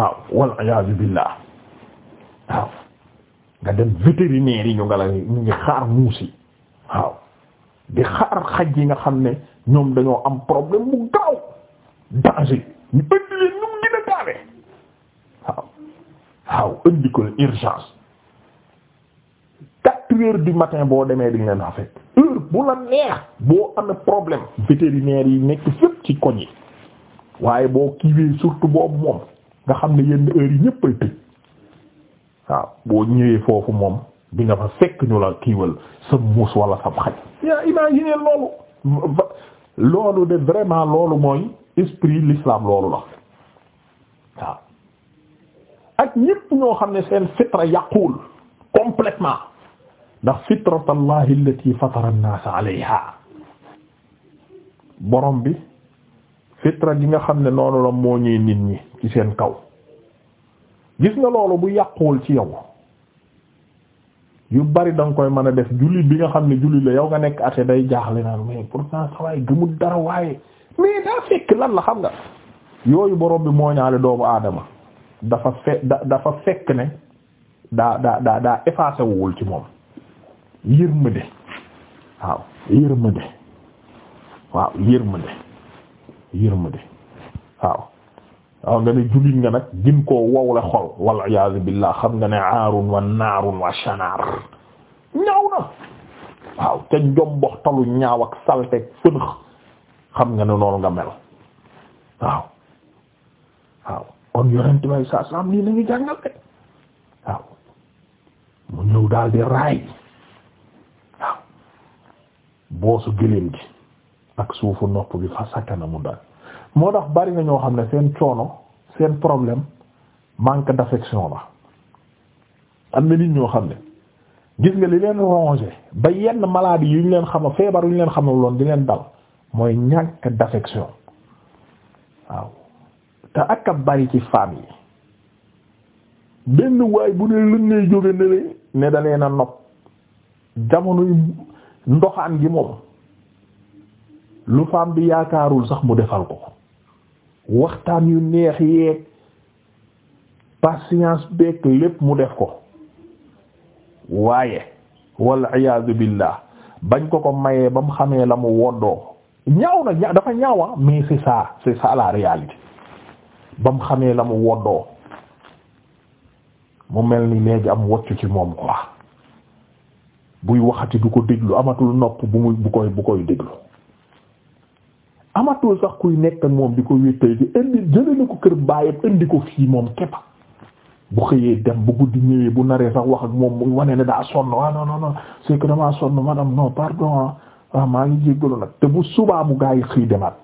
waaw wal iyaazu billah waaw nga dem vétérinaire yi ñu nga la ñu ngi xaar muus yi waaw di xaar xaj yi nga xam ne ñoom dañoo am problème bu gaaw danger ñu indi leen ñu gën a gaawee waaw waaw indi ko urgence quatre heures du matin boo demee di leen fekk heure bu la neex boo amee problème vétérinaire yi nekk fépp ci koñ yi waaye boo kiiwee surtout boobu moom nga xam ne yenn heure yi ñëppay tëj waaw boo ñëwee foofu moom di nga fa fekk ñu la kiiwal sa muus wala sa xaj yaa imaginer loolu loolu de vraiment loolu mooy esprit l'islam loolu la waaw ak ñëpp ñoo xam ne seen fitra yàquwul complètement ndax fitratallahi allati fatara an-nas alayha borom bi fitra gi nga xam ne noonu la moo ñuy nit ñi ci seen kaw gis nga loolu bu yàquwul ci yow yu bari da koy mën a def jullit bi nga xam ne jullit la yow nga nekk ate day jaaxle naan mais pourtant sa waay gëmul dara waaye mais daa fekk lan la xam nga yooyu borom bi moo ñaale doomu aadama dafa da dafa fekk ne daa daa daa daa ci moom yërmande waaw yërmande waaw yërmande yërmande waaw waaw nga ne jullit nga nag gin koo wow la xol wal iyaazu billah xam nga ne aarun wa naarun wa shanaar ñaaw na waaw te njomboxtalu ñaaw ak salteeg fënëx xam nga ne noonu nga mel waaw waaw kon yonent may sa saam lii nañu jàngal waaw mu ñëw daal di raay waaw boosu gëléem gi ak suufu nopp bi fa sakana mu dal moo tax bari na ñoo xam ne seen coono seen problème manque d'affection la am na nit ñoo xam ne gis nga li leen rongé ba yenn maladie yu ñu leen xama feebar yu ñu leen xamal loon di leen dal mooy ñàkk d'affection waaw te ak a bari ci femme yi benn waay bu ne lën ngay jóge ne ne da leen a nopp jamonoy ndoxaan gi moom lu faam bi yaakaarul sax mu defal ko waxtaan yu neex yeeg patience beeg lépp mu def ko waaye wal iyaadu billah bañ ko ko mayee ba mu xamee la mu woddoo ñaaw na ñaaw dafa ñaawa ah, mais c'est c'est ça la ba mu xamee la mu woddoo mu mel ni léegi am woccu ci moom quoi buy waxati du ko déglu amatul nopp bu muy bu koy bu koy déglu amatul sax kuy nekk moom di ko wéttali di indi jëlee na ko kër baayam indi ko fii moom képp bu xëyee dem bu guddi ñëwee bu naree sax wax ak moom mu wane ne daa sonn ah non non non c'est que damaa sonn madame non pardon ah, ah maa ngi jéggalu nag te bu subaa mu gaa yi xëy demaat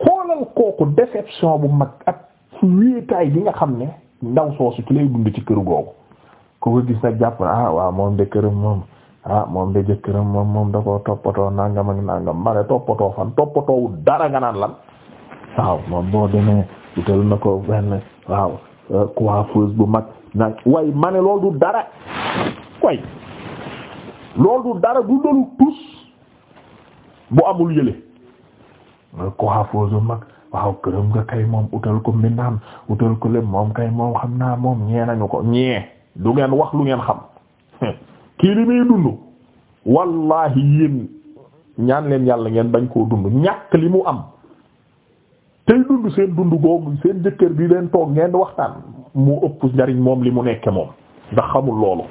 xoolal kooku déception bu mag ak wéetaay gi nga xam ne ndaw soosu ci lay dund ci kër googu ko ko gis nag jàpp ah waa moom de këram moom. ah moom de jëkkëram moom moom da koo toppatoo nangam ak nangam toppatoo fan toppatoo dara nga naan lan waaw moom boo demee utal na ko benn waaw euh, coiffeuse bu mag nag dara way loolu bu amul yële coiffeuse bu mag waaw këram nga kay moom utal ko mbindaan utal ko lépp moom kay moom xam naa moom ñee nañu ko ñee du ngeen wax lu ngeen xam kii li muy dund wallahi yéen ñaan leen yàlla ngeen bañ koo dund ñàkk li mu am tey dund seen dund googu seen jëkkër bi leen toog ngeen waxtaan mu ëpp njariñ moom li mu nekke moom ndax xamul loolu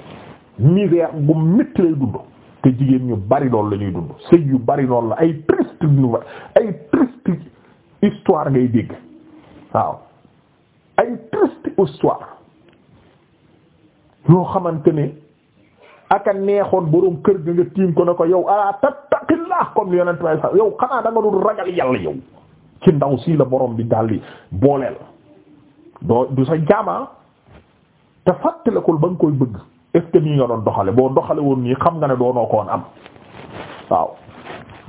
misère bu métti lay dund te jigéen ñu bari loolu la ñuy dund sëy yu bari loolu la ay triste nouvelle ay triste histoire ngay dégg waaw ay triste histoire yoo xamante ne aka neexoon borom kër ga nga tiim ko ne ko yow ala tattaqillah comme li yow xanaa da nga ragal yàlla yow ci ndaw si la borom bi daldi booleel doo du sa jaamaa ah te fàttalikul ba nga koy bëgg est ce nii nga doon doxale boo doxale woon nii xam nga ne doonoo koon am waaw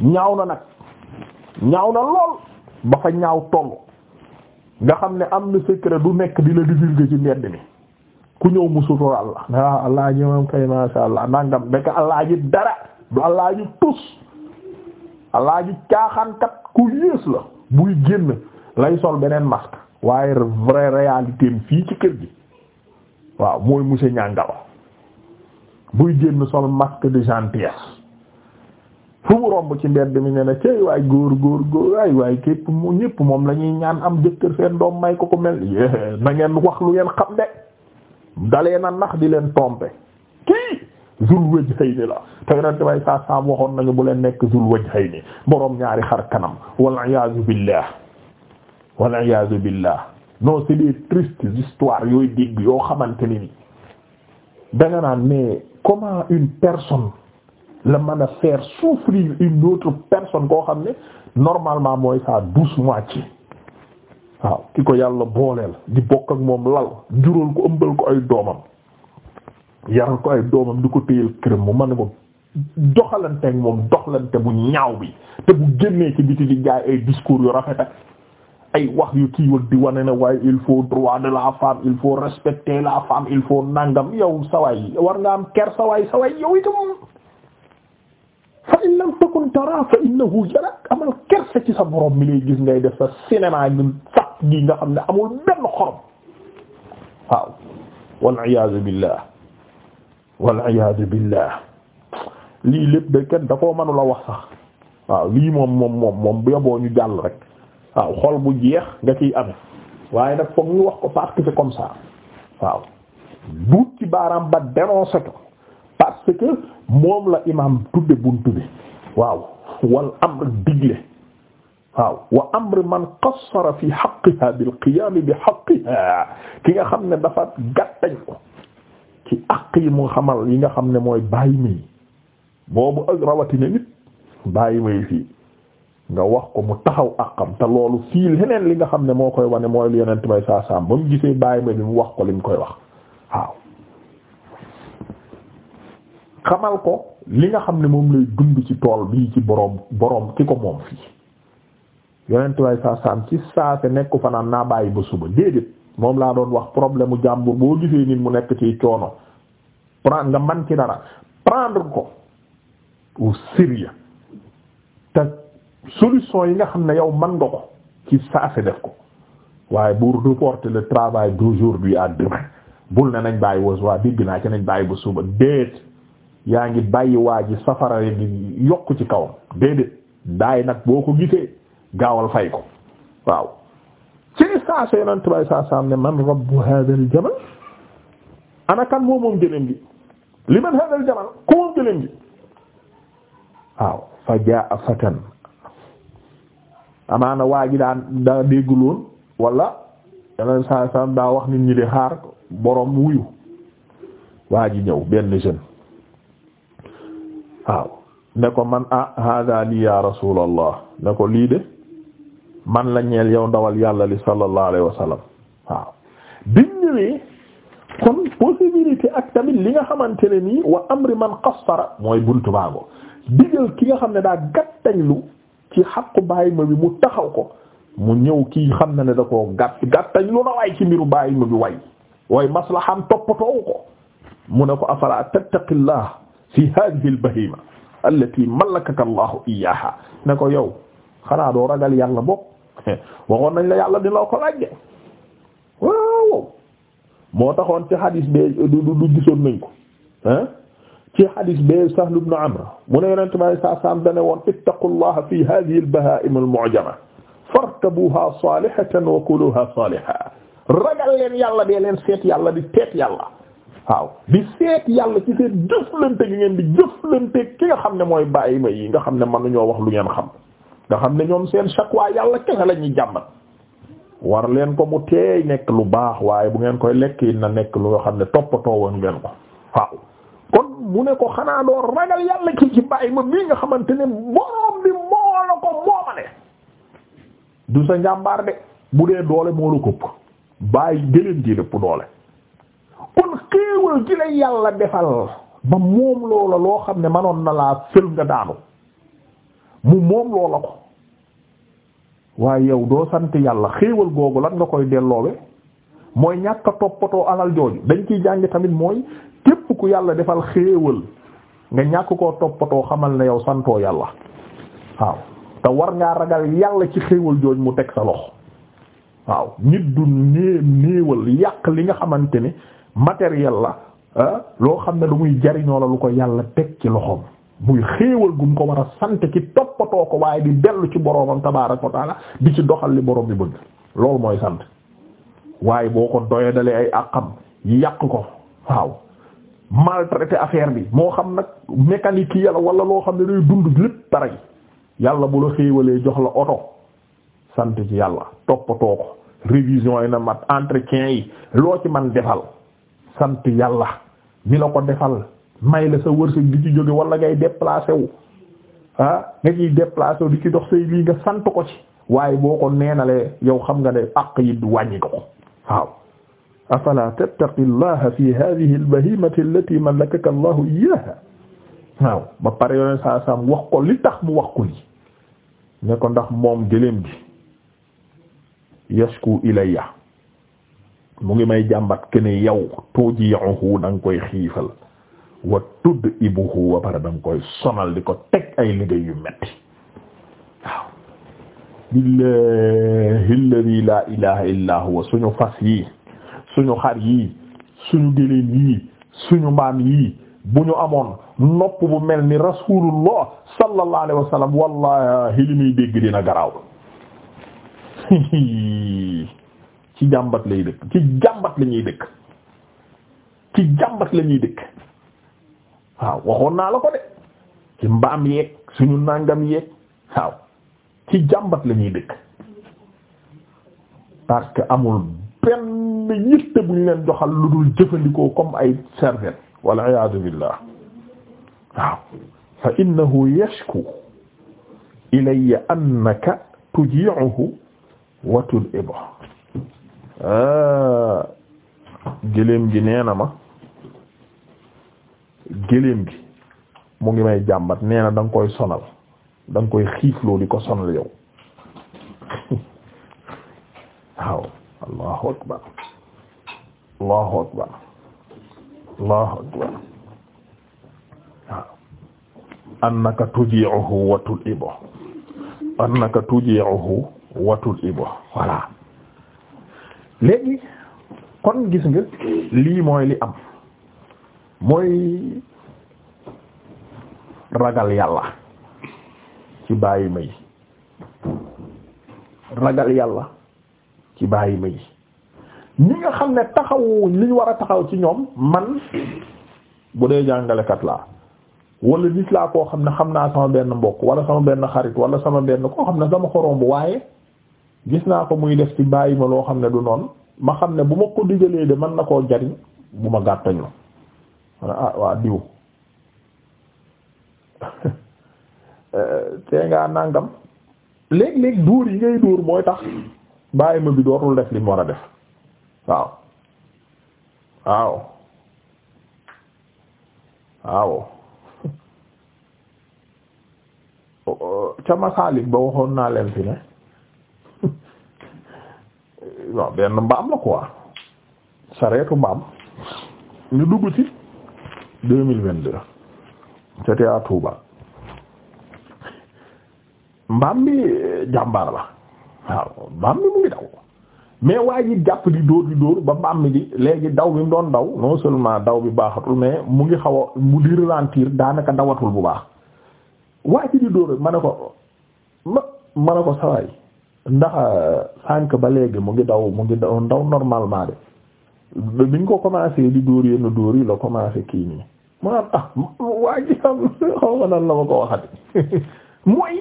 ñaaw na nag ñaaw na lool ba fa ñaaw toll nga xam ne am na secret du nekk di la di divulguer ci mbedd mi ku ñëw mu sutural la nga ah, waaw allah ji moom kay masha allah nangam nekk allah ji dara du allah ji tus allah ji caaxaankat ku yées la buy génn lay sol beneen masque waaye vraie réalité fii ci kër gi waaw mooy monsieur ñàngalo buy génn sol masque de gentillesse fu mu romb ci mbedd mi ne na cey waay góor góor góor waay waay képp ñépp moom la ñuy ñaan am jëkkër seen doom may ko ko mel na ngeen wax lu ngeen xam de dalee na nax di leen tromper kii zul wajhayni la te yonent bay saa saam waxoon nañu bu leen nekk zul wajhayni boroom ñaari xar kanam wal iyaazu billah wal iyaazu billah non c'est des tristes histoires yooyu dégg yoo xamante ni danga naan mais comment une personne la mën a faire souffrir une autre personne koo xam ne normalement mooy sa douce moitié waaw ki ko yàlla booleel di bokk ak moom lal juróol ko ëmbal ko ay doomam yaral ko ay doomam di ko téyal këram mu mën ko doxalante ak moom doxalante bu ñaaw bi te bu génnee ci biti di jaay ay discours yu rafet ak ay wax yu kii wëg di wane ne waaye il faut droit de la femme il faut respecter la femme il faut nangam yow sawaay war nga am ker sawaay sawaay yow itam fa in lam takun tara fa innahu yarak amal kersa ci sa borom mi lay gis ngay def sa cinéma gi faq gi nga xam ne amul benn xorom waaw waliyasu billah waliyasu billah lii lépp da kenn da koo wax sax waaw lii moom moom moom moom buyoboo ñu jàll rek waaw xol bu jeex nga ciy amee waaye nag foog ñu wax ko parce que c'est comme ça waaw duut ci baaraam ba dénoncé ko parce moom la imaam tudde buntu bi waaw wal amr digle waaw wa amr man qassara fi haqqiha bil qiyam bi haqqiha ki nga xam ne dafa gàttañ ko ci aq yi mu xamal yi nga xam ne mooy bàyyi may boobu ak rawatina nit bàyyi may fii nga wax ko mu taxaw am te loolu fii leneen li nga xam ne moo koy wane mooy lu yonent may saa ba mu gisee bàyyi may bi mu wax ko li mu koy wax waaw xamal ko li nga xam ne moom lay dund ci tool bii ci boroom boroom ki ko moom fii yonentuwaay saa saam ci saa se nekku fanaan naa bàyyi ba suba déedéet moom laa doon wax problème mu jàmbur boo gisee nit mu nekk ci coono prendre nga man ki dara prendre ko au sérieux te solution yi nga xam ne yow man nga ko ci saa se def ko waaye bu reporter le travail d'aujourd'hui à demain bul ne nañ bàyyi was waa dégg naa ci nañ bàyyi ba suba déet yaa ngi bàyyi waa ji safara gi yokk ci kawam déedéet daay nag boo ko gisee gaawal fay ko waaw ci saa sa yonent bay saa saam ne man rabbu hadha al jamal moom moom gi li man hadha al jamal moom gëléem gi waaw fa jaa fatan amaana waa ji daa daa déggul woon wala yonent saa saam daa wax nit ñi di xaar borom wuyu waa ji ñëw benn jeune waaw ne ko man ah hada li ya rasulallah ne ko lii de man la ñeel yow ndawal yàlla li sallallahu alayhi wa sallam waaw biñ kon possibilité ak tamit li nga xamante ne nii wa amri man qassara mooy buntu baago digal ki nga xam ne daa gàttañlu ci xaqu bàyyi ma bi mu taxaw ko mu ñëw kii xam na ne da koo gàtt gàttañlu na waay ci mbiru bàyyi ma bi way way maslaxam toppatoowu ko mu ne ko afala tattaqillah fi hadhihi al-bahima allati malakaka Allahu iyyaha ne ko yow xanaa doo ragal yàlla bopp waxoon nañ la yàlla dina la ko laajte waaw moo taxoon ci hadis bee du du gisoon nañ ko ah ci hadis bee Sahl ibn Amr mu ne Yonent bi saa saam da ne woon ittaqullaha fi hadhihi al-baha'im al-mu'jama farkabuha salihatan wa kuluha salihan ragal leen yàlla dee leen seet yàlla di teet yàlla. waaw di seet yàlla ci seen jëflante gi ngeen di jëflante ki nga xam ne mooy bàyyi ba yi nga xam ne ñoo wax lu ngeen xam nga xam ne ñoom seen shakwa yàlla kese la ñuy jàmbat war leen ko mu teey nekk lu baax waaye bu ngeen koy lekk na nekk lu nga xam ne toppatoo woon ngeen ko waaw kon mu ne ko xanaa doo ragal yàlla ki ci bàyyi ma bii nga xamante ne borom bi moo la ko moomale du sa njàmbaar de bu dee doole moo la këpp bàyyi gëleen di lëpp kon xéewal gi la yàlla defal ba moom loola loo xam ne manoon na laa fël nga daanu mu moom loola ko waaye yow doo sant yàlla xéewal googu lan nga koy delloowe mooy ñàkk toppatoo alal jooju dañ ciy jàngi tamit mooy képp ku yàlla defal xéewal nga ñàkk koo toppatoo xamal na yow santoo yàlla waaw te war ngaa ragal yàlla ci xéewal jooju mu teg sa loxo waaw nit du néew néewal yàq li nga xamante ni matériel la ah, loo xam ne lu muy jariñoo la lu ko yàlla teg ci loxoom muy xéewal gum ko war a sant ci toppatoo ko waaye di dellu ci boroomam tabaaraka wa taala di ci doxal li boroom bi bëgg loolu mooy sant waaye boo ko doyee dalee ay àqam yàq ko waaw maltraité affaire bi moo xam nag mécanique yi yàlla wala loo xam ne day dund lépp pare yàlla bu la xéewalee jox la oto sant ci yàlla toppatoo ko révision yi na mat entretien yi loo ci man defal sant yàlla mi la ko defal may la sa wërsëg di ci jóge wala ngay déplacé wu ah nga ciy déplacé di ci dox say lii nga sant ko ci waaye boo ko neenalee yow xam nga ne àq yi wàññi ko waaw afala tattaqi llaha fi hadhihi albahimati allati malakaka allahu iyyaha waaw ba pare yoneen saa saam wax ko li tax mu wax ko li ne ko ndax moom gëléem gi yashku ilayya mu ngi may jàmbat ke ne yow tuji'uhu da nga koy xiifal wa tudd wa pare da koy sonal di ko teg ay liggéey yu metti waaw billahi alladhi la ilaha illa huwa suñu fas yi suñu xar yi suñu géléem yi suñu mbaam yi bu ñu amoon nopp bu mel ni rasulullah sallallahu alayhi wa sallam li muy dégg dina garaaw ci jàmbat lay dëkk ci jàmbat lañuy ñuy dëkk ci jàmbat waxoon naa la ko de ci mbaam yeeg suñu nàngam yeeg waaw ci jàmbat la ñuy dëkk parce que amul benn yitte bu ñu leen joxal lu dul jëfandikoo comme ay serviette wala iyaadu billah waaw fa innahu yashku ilayya annaka tuji'uhu Ah, gëléem gi nee na ma gëléem gi mu ngi may jàmbat nee na da koy sonal da nga koy xiifloo di ko sonal yow waaw allahu akbar allahu akbar allahu akbar watul ibo annaka tuji'uhu watul ibo voilà léegi kon gis nga lii mooy li am mooy ragal yàlla ci bàyyi may ragal yàlla ci bàyyi may ñi nga xam ne taxaw liñ war a taxaw ci ñoom man bu dee jàngalekat laa wala nit laa koo xam ne xam naa sama benn mbokk wala sama benn xarit wala sama benn koo xam ne sama xorom bu waaye gis naa ko muy def ci bàyyi ma loo xam ne du noonu ma xam ne bu ma ko digalee de man na koo jariñ bu ma gàttañu ah waa diw euh, tee ngaa nàngam léeg-léeg dóor yi ngay dóor mooy tax bàyyi ma bi dootul def lim war a def waaw waaw waaw oh, oh, ca masaalik ba waxoon naa leen fi ne waaw benn mbaam la quoi sareetu mbaam ñu dugg ci deux mille vingt deux c'était à mbaam bi euh, jàmbaar la waaw mbaam bi mu ngi daw mais waa ji jàpp di dóor di dóor ba mbaam mi di léegi daw bi mu doon daw non seulement daw bi baaxatul mais mu ngi xaw a mu di ralentir daanaka dawatul bu baax waa ji di dóor ma ne ko ma ma ne ko sawaay ndax euh, sànq ba léegi mu ngi daw mu ngi daw normalement de biñ ko commencé di dóor yenn dóor yi la commencé kii nii mu naan ah mooy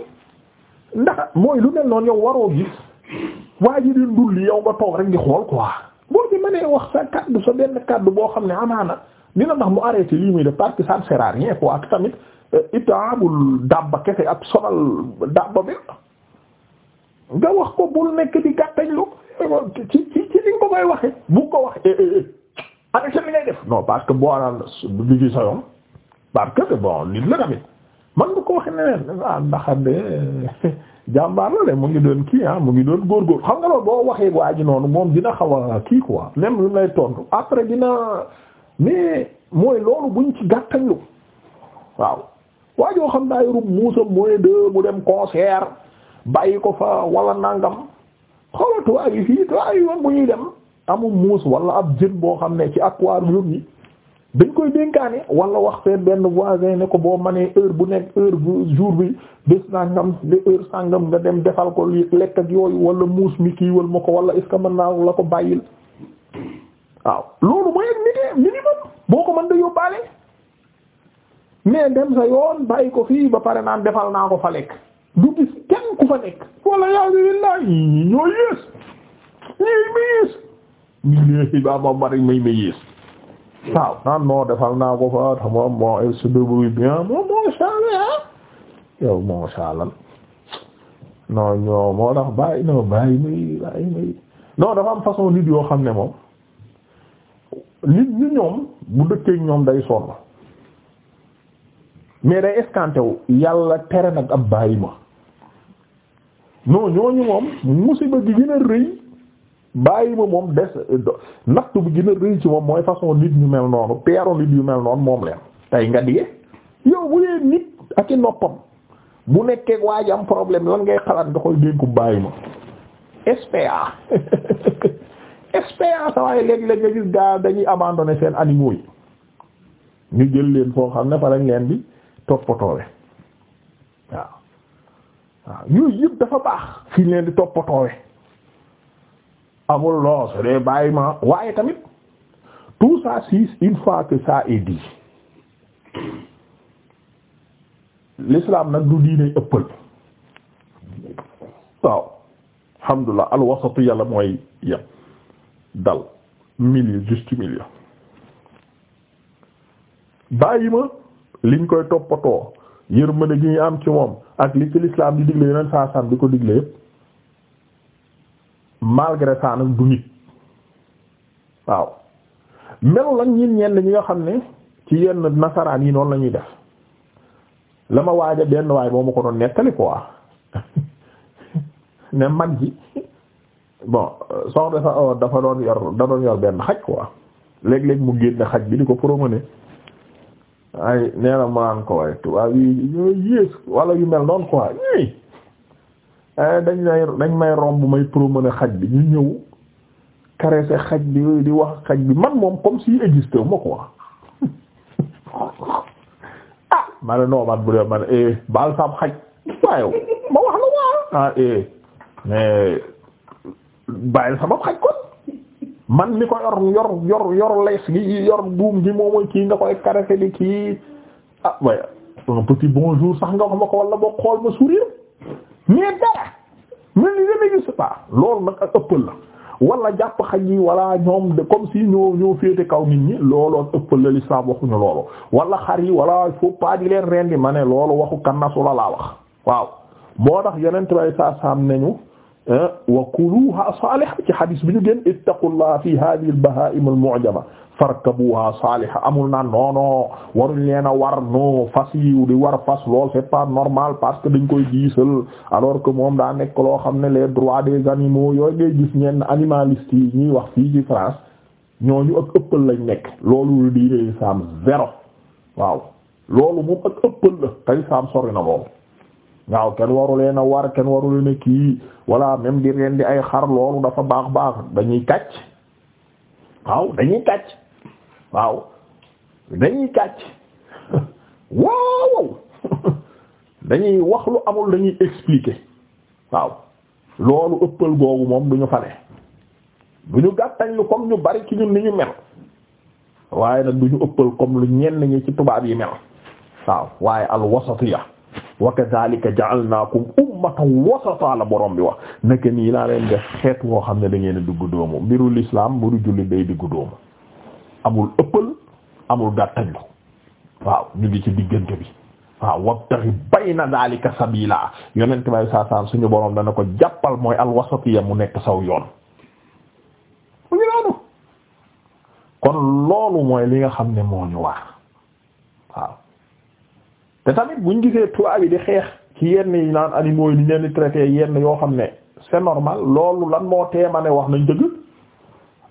ndax mooy lu mel noonu yow waroo gis waa di ndulli yow nga toog rek di xool quoi boo ci mënee wax sa kaddu sa benn kaddu boo xam ne amaana dina tax mu arrêté lii muy def parce que ça ne sert ak tamit euh, itaabul dabba kese ak sonal dabba bi. nga wax ko bul nekk di gàttañlu ci ci ci li nga ko koy waxee bu ko wax eh, eh, eh, arrêté li ngay def non parce que boo anaan du ci sa yoon parce que bon nit la tamit man nga ko wax neneen ah ndax de jàmbaar la de mu ngi doon kii ah mu ngi doon góorgóor xam nga loolu boo waxee waa ji noonu moom dina xaw a kii ko même lu lay tontu après dina mais mooy loolu buñ ci gàttañlu waaw waajoo xam naa yorub muusam mooy de mu dem concert bàyyi ko fa wala nangam xoolal tubaab yi fii tubaab yi bu ñuy dem amul muus wala ab jën boo xam ne ci aquarium yi dañ koy dénkaane wala wax seen benn voisin ne ko boo manee heure bu nekk heure bu jour bi bés nangam de heure sangam nga dem defal ko lekk ak yooyu wala muus mi kiiwal ma ko wala est que mën naa la ko bàyyil waaw loolu mooy ak minimum boo ko mën da yóbbaale mais dem sa yoon bàyyi ko fii ba pare naan defal naa ko fa lekk du fa nekk walla yaa billah ñoo yées ñii ma yées ñii lée ma bari may ma yées waaw naan non defal naa ko fa tama moom moo sala ah. yow moo moo tax bàyyi non bàyyi may bàyyi may non dafa am façon nit yoo xam ne moom nit ñi ñoom bu dëkkeek ñoom day sonn mais day escanté yàlla tere nag ab bàyyi ma non ñooñu moom musiba gi gën rëy bàyyi ma moom des natt bu gën a rëy ci moom mooy façon nit ñu mel noonu peeru nit yu mel noonu moom leen tey nga diye yow bu dee nit ak i noppam bu nekkee waa ji am problème lan ngay xalaat nga koy dénku bàyyi ma SPA SPA sa waaye léeg-léeg nga gis gaa dañuy abandonné seen animaux yi ñu jël leen foo xam ne fa lañ leen toog toppatoowee waaw waaw yooyu yëpp dafa baax fi leen di toppatoowe amul loo su dee bàyyi ma waaye tamit tout ça si une fois que ça nag du diine ëppal waaw alhamdulilah al yàlla mooy yem dal milieu juste milieu bàyyi ma liñ koy toppatoo yërmande gi ñu am ci moom ak li ci l'islam di digle yeneen saa sam di ko digle yëpp malgré ça nag du nit waaw melu lañ ñin ñenn ñi nga xam ne ci yenn nasaraan yi noonu lañuy def la ma waaja benn waay boo ma ko doon nettali quoi ne mag ji bon soxna sa oh, dafa doon yor da doon yor benn xaj quoi léeg-léeg mu génne xaj bi di ko promener ay nee na maan ko waaye tubaab yi ñooy yées wala yu mel noonu quoi ñii eh, dañ may dañ may romb may promener xaj bi ñu ñëw caresser xaj bi di wax xaj bi man moom comme s'il existait ma quoi ah ma ne non man bu dee man eh baal saam xaj waaye ma wax la waa ah eh mais bàyyil sama xaj kon. man mi ko yor yor yor yor lees gi yor buum gi moom mooy kii nga koy caressé di kii ah waaye petit bonjour sax nga wax ma ko wala boo xool ma sourire mais dara mel ni jamais gis pas loolu nag ak ëppal la wala jàpp xaj yi walla ñoom de comme si ñoo ñoo féete kaw nit ñi loolu ak ëppal la lislaam waxuñu loolu wala xar yi wala faut pas di leen rendi ma ne loolu waxu kannasu la laa wax waaw moo tax yeneen bay saa saam nañu. Ah wa kuluha saliha ci hadis bi ñu génn ittaqullaha fi hadhihi bahaim al farkabuha saliha amul na noono waruñ leen a war no fas war fas lool c'est pas normal parce que dañ koy diisal alors que moom daa nekk loo xam ne les droits des animaux yooyu ngay gis ñenn animalistes yi ñuy wax fii ci France ñooñu ak ëppal lañ nekk loolu diine islam zéro waaw loolu moom ak ëppal la tey saam sori na loolu waaw kenn waru leen a war kenn waru leen a kii walla même di rendi ay xar loolu dafa baax baax dañuy kàcc waaw dañuy kàcc waaw dañuy dañuy wax lu amul dañuy expliquer waaw loolu ëppal googu moom du ñu fane du ñu gàttañ lu comme ñu bari ci ñun ni ñu mel waaye nag du ñu ëppal comme lu ñenn ñi ci tubaab yi mel waaw waaye al wasatiya wa kadhalika ja'alnakum ummatan wasata la borom bi wax naka nii laa leen def xeet woo xam ne da ngeen diggu doomu mbiru l'islam mbiru julli day diggu doomu amul ëppal amul gàttañlu waaw ñu ngi ci diggante bi waaw wabtaghi bayna dhalika sabila yonent bay saa suñu borom dana ko jàppal mooy alwasatiya mu nekk saw yoon mu ngi noonu kon loolu mooy li nga xam ne moo ñu waar waaw te tamit buñ gisee tubaab yi di xeex ci yenn yi naan animaux yi ni leen di traité yenn yoo xam ne c'est normal loolu lan moo teema ne wax nañ dëgg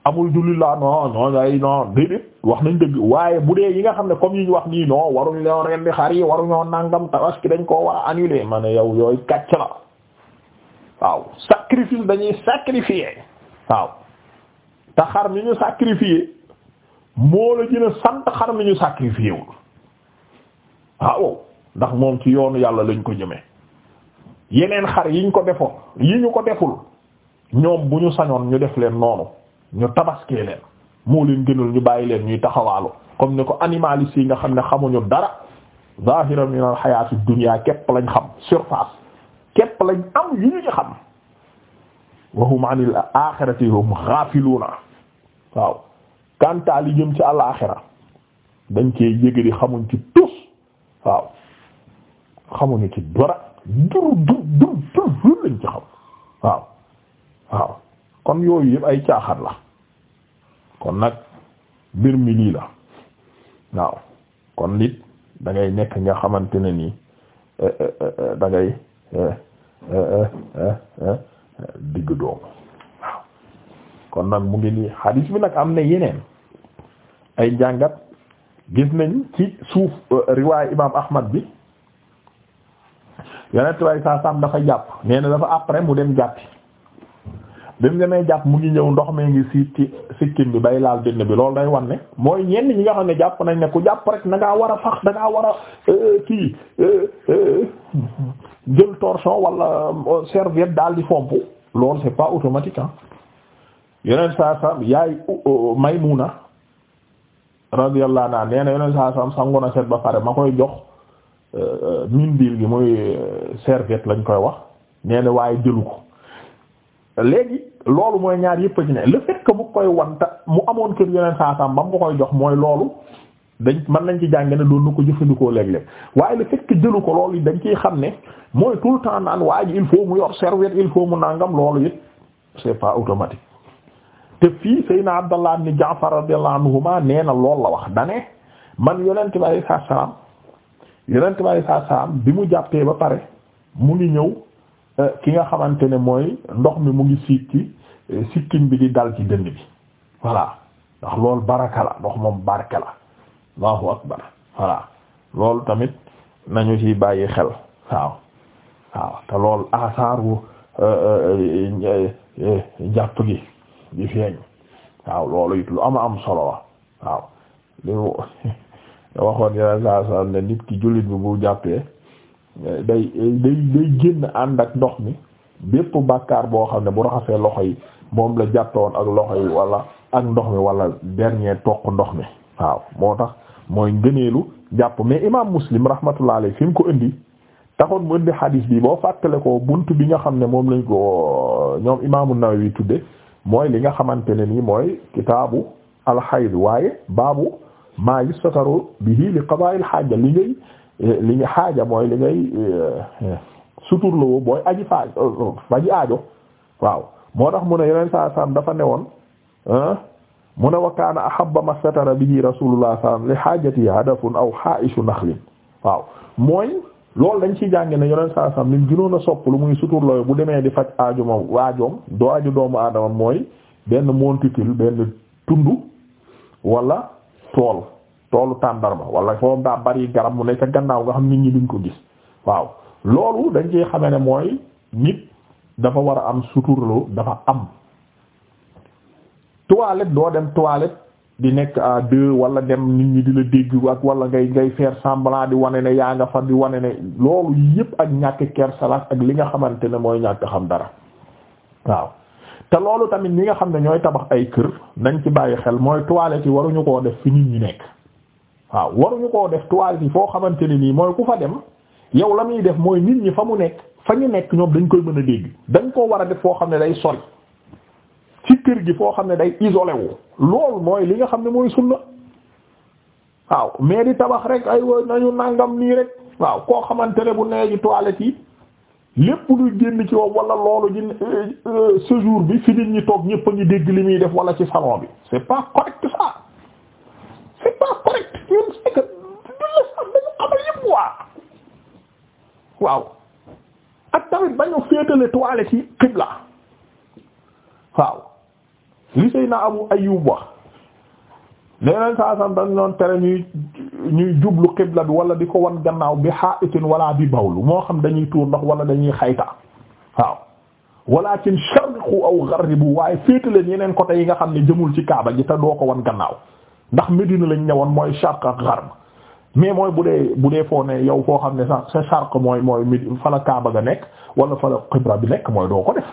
amul julli laa non non ay non déedéet wax nañ dëgg waaye bu dee yi nga xam ne comme yi ñu wax nii non waruñ loo ren di xar yi waruñoo nangam ki dañ koo war a annulé ma ne yow yooyu kàcc la waaw sacrifice dañuy sacrifier waaw te xar mi ñu sacrifier moo la gën sant xar mi ñu sacrifier Ah, waaw ndax moom ci yoonu yàlla lañ ko jëmee yeneen xar yiñ ko defoo yi ñu ko deful ñoom bu ñu sañoon ñu def leen noonu ñu tabaskee leen moo leen gënal ñu bàyyi leen ñuy taxawaalu comme ni ko animalistes yi nga xam ne xamuñu dara zahira min al hayati dunya képp lañ xam surface képp lañ am yu ñu xam wa hum anil axirati waaw kanta jëm ci al axira dañ cee yëg xamuñ ci tus waaw xamuñu ci dara dur dur dur dur lañ ci xam waaw waaw kon yooyu yëpp ay caaxaan la kon nag mbir mi lii la waaw kon nit da ngay nekk nga xamante ne nii eh, eh, eh, da ngay digg doomu waaw kon nag mu ngi nii xadiis bi nag am na yeneen ay jàngat gis nañ ci suuf euh, riwaay imam ahmad bi yonent way saa sam dafa jàpp nee dafa après mu dem jàpp bi mu demee jàpp mu ngi ñëw ndox mee ngi si ci sikkim bi bay laal dënn bi lool day wan ne mooy ñenn ñi nga xam ne jàpp nañ ne ku jàpp rek da war a fax da war a euh, kii euh, jël torchon wala serviette daal di fomp loolu c'est pas automatique ah yonent saa sam yaay Maymuna radiyallahu anha nee na yeneen saa sam sangu na set ba pare ma koy jox euh, mindil gi muy euh, serviette lañ koy wax nee na waaye jëlu ko léegi loolu mooy ñaar yëpp a ci ne le fait que mu koy wanta mu amoon kër yeneen saa sam ba mu ko koy jox mooy loolu dañ mën nañ ci jànge ne doon na ko jëfandikoo léeg-léeg waaye le fait jëlu ko loolu dañ ki xam ne mooy tout le temps naan waa ji il faut mu yor serviette il faut mu nangam loolu it c'est pas automatique. te fii Seydina Abdallah ibn Jaafar radiyallahu anhuma nee na lool la wax dane man yonent bi alayhi yonent bi alayhi bi mu jàppee ba pare mu ngi ñëw euh, ki nga xamante ne mooy ndox mi mu ngi siit ci euh, sikkim bi di dal ci dënn bi voilà ndax lool baraka la ndox moom barke la allahu loolu tamit nañu ci bàyyi xel waaw waaw te loolu asaaru euh, jàpp gi di feeñ waaw loolu it lu ama am solo la waaw li mu waxoon yeneen saa saa nit ki jullit bi bu jàppee day day day génn ànd ak ndox mi bépp bàkkaar boo xam ne bu raxasee loxo yi moom la jàppoon ak loxo yi wala ak ndox mi wala dernier toq ndox mi waaw moo tax mooy ngëneelu jàpp mais imaam muslim rahmatullah alayhi ko indi taxoon mu indi hadis bi boo fàttale ko bunt bi nga xam ne moom lañ ko ñoom imaamu Nawawi tudde mooy li nga xamante ne ni mooy kitaabu alxayd waaye baabu maa yustataru bihi li qadaa'il xaaja li ngay li xaaja mooy li ngay eh, suturloo booy aji faa aajo waaw moo tax mu ne yeneen saa saam dafa newoon ah, mu ne wa kaana ahabba ma satara bihi rasulullah sallallahu alayhi wasallam li haajati hadafun aw haa'isu naxlin waaw mooy loolu dañ ciy jàng ne yoneen saa sam lim gënoon a sopp lu muy suturlooyu bu demee di faj aajuma waajoom doo aju doomu aadama mooy benn monticule benn tund walla tool toolu tàndarma wala foofu daa bari garab mu nekk gannaaw nga xam ni ñi duñ ko gis waaw loolu dañ ciy xamee ne mooy nit dafa war a am suturloo dafa am toilette doo dem toilette di nekk à deux wala dem nit ñi dina la dégg ak wala ngay ngay faire semblant di wane ne yaa nga fa di wane ne loolu yépp ak ñàkk kersalaat ak li nga xamante ne mooy ñàkk xam dara waaw te loolu tamit ñi nga xam ne ñooy tabax ay kër nañ ci bàyyi xel mooy toilettes yi waruñu koo def fi nit ñi nekk waaw waruñu koo def toilettes yi foo xamante ne nii mooy ku fa dem yow la muy def mooy nit ñi fa mu nekk fa ñu nekk ñoom dañ koy mën a dégg dañ koo war a def foo xam ne day sori ci kër gi foo xam ne day isolé wu mooy li nga xam ne mooy sunna waaw mais di tabax rek ay wa nañu nangam nii rek waaw koo xamante ne bu nee ci toilette yi lépp luy génn ci wow wala loolu ji euh, euh, bi fi nit ñi toog ñépp a dégg li muy def wala ci salon bi c'est pas correct ça c'est pas correct ñun c'est que dula sax dañu xamal yépp waa waaw ak tamit bañu féetale toilette yi xibla waaw li sëy na Abu Ayyub wax ne leen saa sant doon tere ñuy ñuy jublu xibla bi wala di ko wan gannaaw bi ha'itin wala bi bawlu moo xam dañuy tuur ndox wala dañuy xayta waaw walakin sharqu aw gharribu waaye féeta leen yeneen côté yi nga xam ne jëmul ci kaaba ji te doo ko wan gannaaw ndax Medina lañ ñëwoon mooy sharq ak gharb mais mooy bu dee bu dee foo ne yow foo xam ne sa sa mooy mooy midi fa la kaaba ga nekk wala fa la xibla bi nekk mooy doo ko def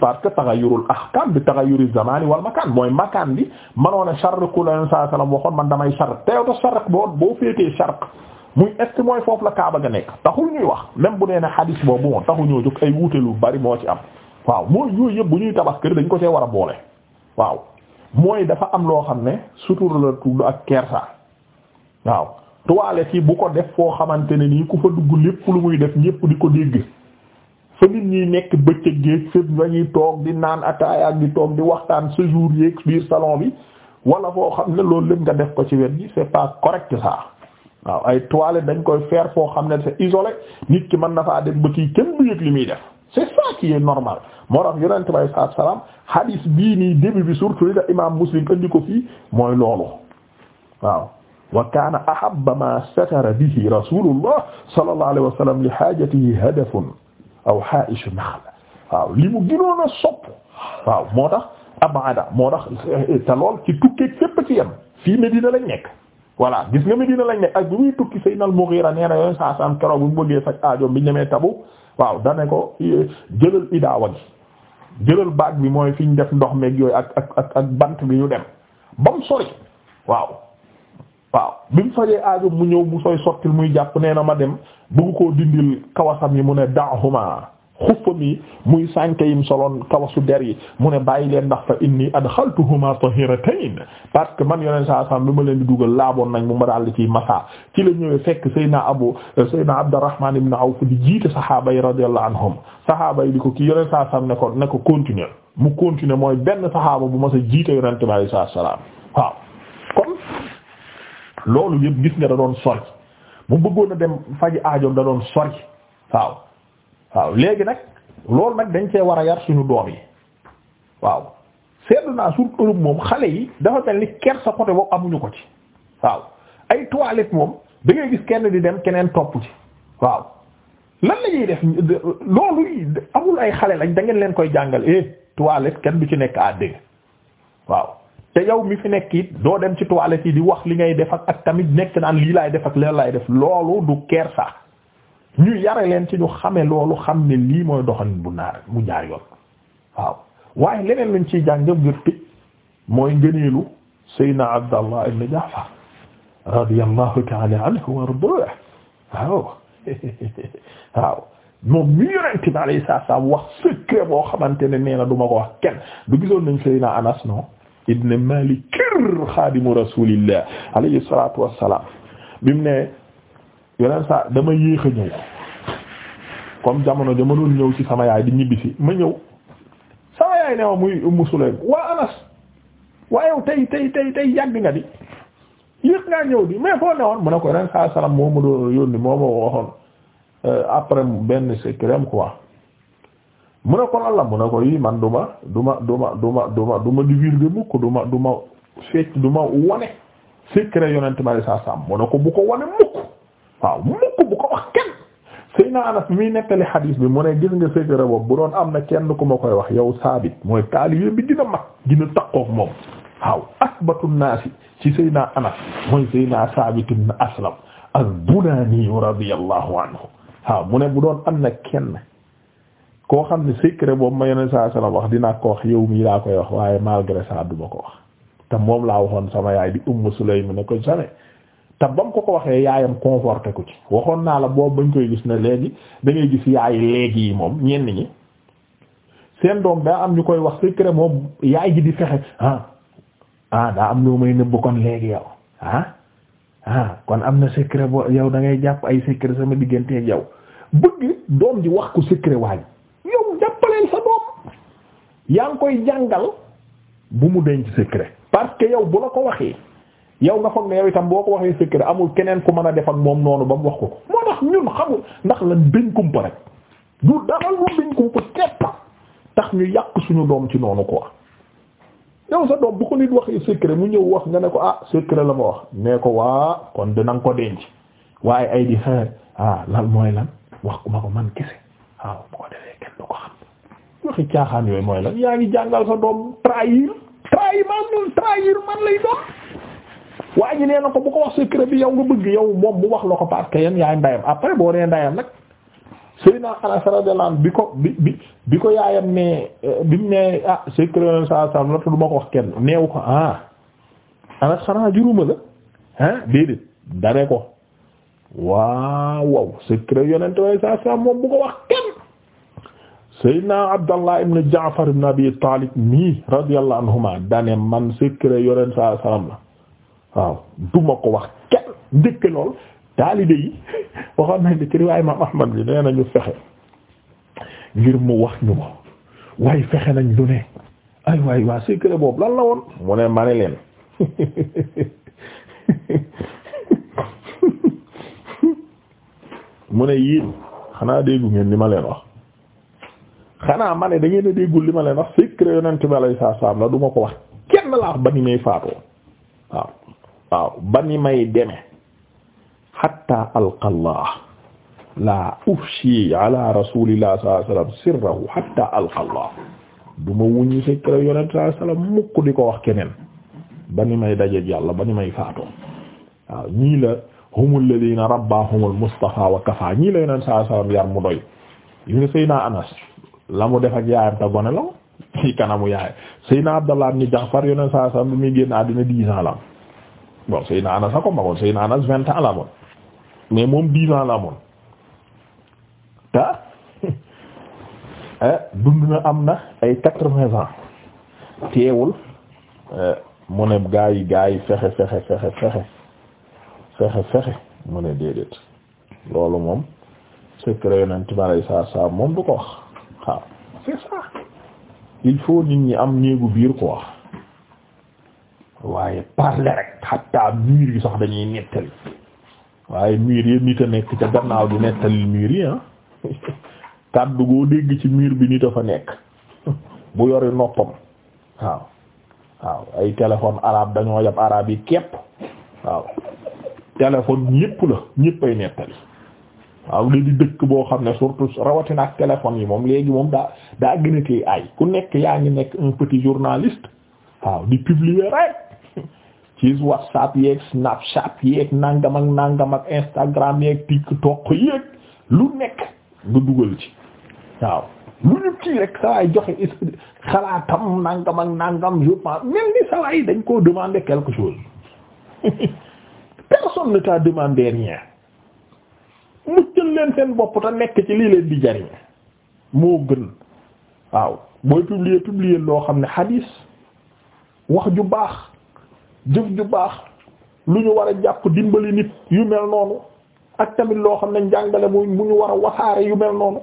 parce que taxayurul ahkam bi taxayuri zamani wal makaan mooy makaan bi manoon a charq ku leen saa salaam waxoon man damay charq te yow de charq boo boo féetee charq muy est mooy foofu la Kaaba ga nekk taxul ñuy wax même bu nee ne hadis boobu moom taxul ñoo jóg ay wuute bari moo ci am waaw mooy yooyu yëpp bu ñuy tabax kër dañ ko see war a boole waaw mooy dafa am loo xam ne sutura la tudd ak kersa waaw toilette yi bu ko def foo xamante ne nii ku fa dugg lépp lu muy di ko dégg. fa nit ñi nekk bëccëg géeg fépp dañuy toog di naan ataaya ak di toog di waxtaan ce jour yeeg biir salon bi wala foo xam ne loolu lépp nga def ko ci wet gi c'est pas correct ça waaw ay toilettes dañ koy faire foo xam ne c'est isolé nit ki man na faa dem ba kii kenn du yëg li muy def c'est ça qui est normal moo tax yonent bi sallallahu alayhi wasallam hadis bii nii début bi surtout li Muslim andi ko fii mooy loolu waaw wa kaana ahabba ma satara bihi rasulullah sallallahu alayhi wasallam aw haishu naxl waaw li mu gënoon a sopp waaw moo tax abada moo tax eh, te lool ci tukkeeg fépp ci yem fii Medina lañ nekk voilà gis nga Medina lañ nekk ak bi muy tukki Seydina al-Mughira nee na yooyu saa saam keroog mu bëggee faj aajoom bi ñu demee tabu waaw dane ko eh, jëlal idaawa gi jëlal baag bi mooy fi ñu def ndox meeg yooyu ak ak ak ak bant bi ñu dem bam sori waaw waaw bi mu fajee aajum mu ñëw mu sooy sottil muy jàpp nee na ma dem bëgg koo dindil kawasam yi mu ne dahuma xuffam yi muy sànke yim soloon kawasu der yi mu ne bàyyi leen ndax fa inni adxaltuhuma tahiratayn parce que man yoneen saa sam bi ma leen di dugal laaboon nañ mu ma daal di ciy masa ci la ñëwee fekk Seydina Abu Seydina Abdurrahman ibn Awf di jiite sahaaba yi an anhum sahaaba yi di ko kii yoneen saa sam ne ko ne ko continuer mu continuer mooy benn sahaaba bu ma sa jiite yonente bi alayhi salaam loolu yëpp gis nga da doon sori mu bëggoon a dem faj aajoom da doon sori waaw waaw léegi nag loolu nag dañ cee war a yar suñu doom yi waaw seetlu naa sur Europe moom xale yi dafa mel ni kersa côté boobu amuñu ko ci waaw ay toilette moom da gis kenn di dem keneen topp ci waaw lan la def loolu amul ay xale lañ dangeen leen koy jàngal eh toilette kenn du ci nekk à deux waaw. te yow mi fi nekk it doo dem ci toilette yi di wax li ngay def ak tamit nekk naan lii laay def ak leen laay def loolu du kersa ñu yare leen ci ñu xame loolu xam ne lii mooy doxalin bu naar bu jaar yoon waaw waaye leneen luñ ciy jàng ngir tëj mooy ngëneelu Seydina Abdallah ibn Jaafar radiyallahu ta'ala anhu wa ardaah waaw waaw moom mi yonent bi alayhi salaam wax secret boo xamante ne nee na du ko wax kenn du gisoon nañ seyna Anas non ibn Malik xaadimu rasulillah alayhi salaatu wassalaam bi mu ne yeneen saa dama yéex a ñëw comme jamono dama doon ñëw ci sama yaay di ñibbisi ma ñëw sama yaay ne muy Ummu Sulaym waa Anas waa yow tey tey tey tey nga di yéex ngaa ñëw di mais foo ne woon mu ne ko yeneen saa salaam moo ma doon yónni moo ma waxoon euh, après benn secret quoi. mu ne ko lan la mu ne ko yi man du ma du ma du ma du ma du ma du ma divulguer du ma du ma fecc du ma wone secret yonent ma saa saam mu ne ko bu ko wone mukk bi mu ne bu doon am na kenn ku ma koy wax yow saabit mooy taalibe bi dina mag ci Seyna Anas mooy Seyna Saabit ibn Aslam waaw mu ne bu doon am na kenn koo xam ne secret boobu ma yeneen saa salaam wax dinaa ko wax yow mii laa koy wax waaye malgré ça duma ko wax te moom laa waxoon sama yaay di Ummu Sulaym ne ko jamais te ba mu ko ko waxee yaayam conforté ko ci waxoon naa la boobu bañ koy gis ne léegi da ngay gis yaay léegi yi moom ñenn ñi seen doom daa am ñu koy wax secret moom yaay gi di fexe ah ah daa am loo may nëbb kon léegi yow ah ah kon am na secret boo yow da ngay jàpp ay secret sama digganteeg yow doom ji wax ko secret waaj jàppaleen sa doom yaa ngi koy jàngal bu mu denc secret parce que yow bu la ko waxee yow nga foog ne yow itam boo ko waxee secret amul keneen ku mën a def moom noonu ba mu wax ko ko moo tax ñun xamul ndax la biñ kumpa rek du dara lu biñ kumpa képp tax ñu yàq suñu doom ci noonu ko wax yow sa doom bu ko nit waxee secret mu ñëw wax nga ne ko ah secret la ma wax nee ko waa kon dina nga ko denc waaye ay di ah, ah, lal mooy lan wax ku ma ko man kese waaw bu ko def waxi caaxaan yooyu mooy la yaa ngi jàngal sa doom trahir trahir man noonu man lay doon waa ji nee na ko bu ko wax secret bi yow nga bëgg yow moom mu wax la ko parce yaay ndayam après boo nee ndayam nag Seydina Anas radiyallahu anhu bi ko bi bi bi ko yaayam ne euh, bi mu ne ah secret yoneen du ma ko wax kenn neew ko ah Anas xanaa juruma la ah déedéet dare ko waaw waaw secret yoneen saa saa moom bu ko wax kenn Seydina Abdallah ibn Jaafar ibn Abi Taalib mii radiyallahu anhuma dane man secret yonent saa salaam la waaw duma ko wax kenn njëkk lool taalibe yi waxoon nañ ne ci riwaaya Imaam Ahmad bi nee nañu fexe ngir mu wax ñu ko waaye fexe nañ lu ne ay waay waa secret boobu lan la woon mu ne ma ne leen mu ne yéen xanaa déggu ngeen li ma leen wax. xanaa ma ne da ngeen a li ma leen wax secret yonent bi alayhi salaam la du ko wax kenn laa wax ba ni may faatoo waaw waaw ba ni may deme hatta alqallah la ufshi ala rasulillah sallallahu alayhi wasallam sirrahu hatta alqallah du ma wuññi secret yonent sallallahu mukk di ko wax keneen ba ni may dajeeg yàlla ba ni may faatoo waaw ñii la humul ladina rabbahumul mustafa wa kafa ñii la yonent sallallahu yar mu doy yi nga sëy anas la mu def ak yaayam te gone la ci kanamu yaay Seydina Abdallah ibn Jaafar yoneen saa saa bi muy génn àddina dix ans la am bon Anas a ko magoon Seydina Anas vingt ans la amoon mais moom eh, na am eh, mu ne gaa yi fexe fexe fexe fexe fexe fexe mu ne déedéet loolu moom secret yonent bi alayhi salaam moom du ko wax waaw c'est il faut nit ñi am néegu biir quoi waaye parler rek xatta mur yi sax dañuy nettali waaye mur yi nit a nekk ca gannaaw di nettali mur yi ah kàddu goo dégg ci miir bi nit a fa nekk bu yori noppam waaw waaw ay téléphone arabe dañoo yab arabe yi képp waaw téléphone ñépp la ñépp ay nettali waaw léegi dëkk boo xam ne surtout rawatina ak téléphone yi moom léegi moom daa daa gën a ay ku nekk yaa ngi nekk un petit journaliste waaw di publier rek ci WhatsApp yeeg Snapchat yeeg nangam ak nangam ak Instagram yeeg TikTok yeeg lu nekk nga dugal ci waaw lu ñu kii rek saa joxe xalaatam nangam ak nangam je pense mel ni dañ koo demander quelque chose personne ne t'a demandé rien. jël leen seen bopp te nekk ci lii leen di jariñ moo gën waaw booy publier publier loo xam ne xadiis wax ju baax jëf ju baax lu ñu war a jàpp dimbali nit yu mel noonu ak tamit loo xam ne njàngale mu mu ñu war wasaare yu mel noonu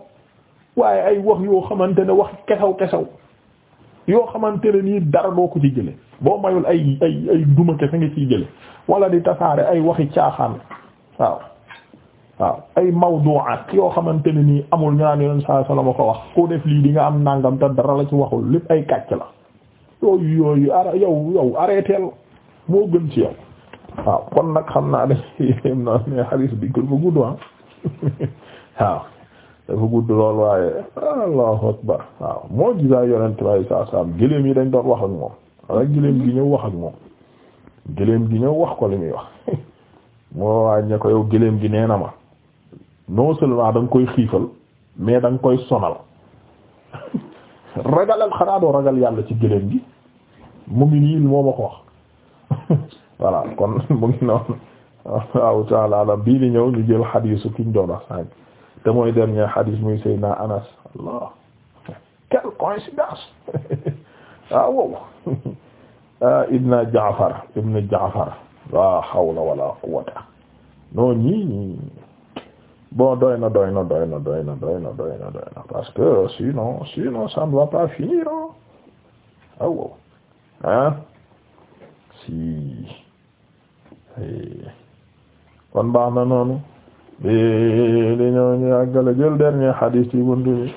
waaye ay wax yoo xamante ne wax kesaw kesew yoo xamante ne nii dara doo ko ci jële boo mayul ay ay ay duma kese nga ciy jële wala di tasaare ay waxi caaxaan waaw waaw ay mawdu'aat yoo xamante ne nii amul ñu naan yoon saa salama ko wax koo def lii di nga am nangam te dara la ci waxul lépp ay kàcc la yooyu yooyu ara yow yow arrêté moo gën ci yow. waaw kon nag xam naa dañ yéem na mais xaris bi dafa gudd ah waaw dafa gudd loolu waaye allahu akbar waaw moo gisaa yonent waaye saa saam gëléem yi dañ doon wax ak moom wala gëléem gi ñëw wax ak moom gi ñëw wax ko li muy wax moo waa ñe ko yow gëléem gi nee na ma non seulement da koy xiifal mais da koy sonal ragalal xanaa ragal yàlla ci gëléem gi mu ngi nii moo ma ko wax voilà kon mu ngi noonu bii di ñëw ñu jël xadiisu kiñ doon wax sànq te mooy dernier xadiis muy Seydina Anas Allah quelle coïncidence ah, ah ibna Jaafar ibna Jaafar la hawla wala quwwata non ñii bon doy na doy na doy parce que sinon sinon ça ne va pas finir ah waaw ah si eh. kon baax na noonu bi li ñëw ñu àggale jël dernier hadith yi buntu bi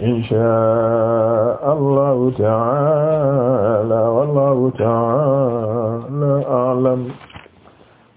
inshaa allahu taala wallahu taala a'lam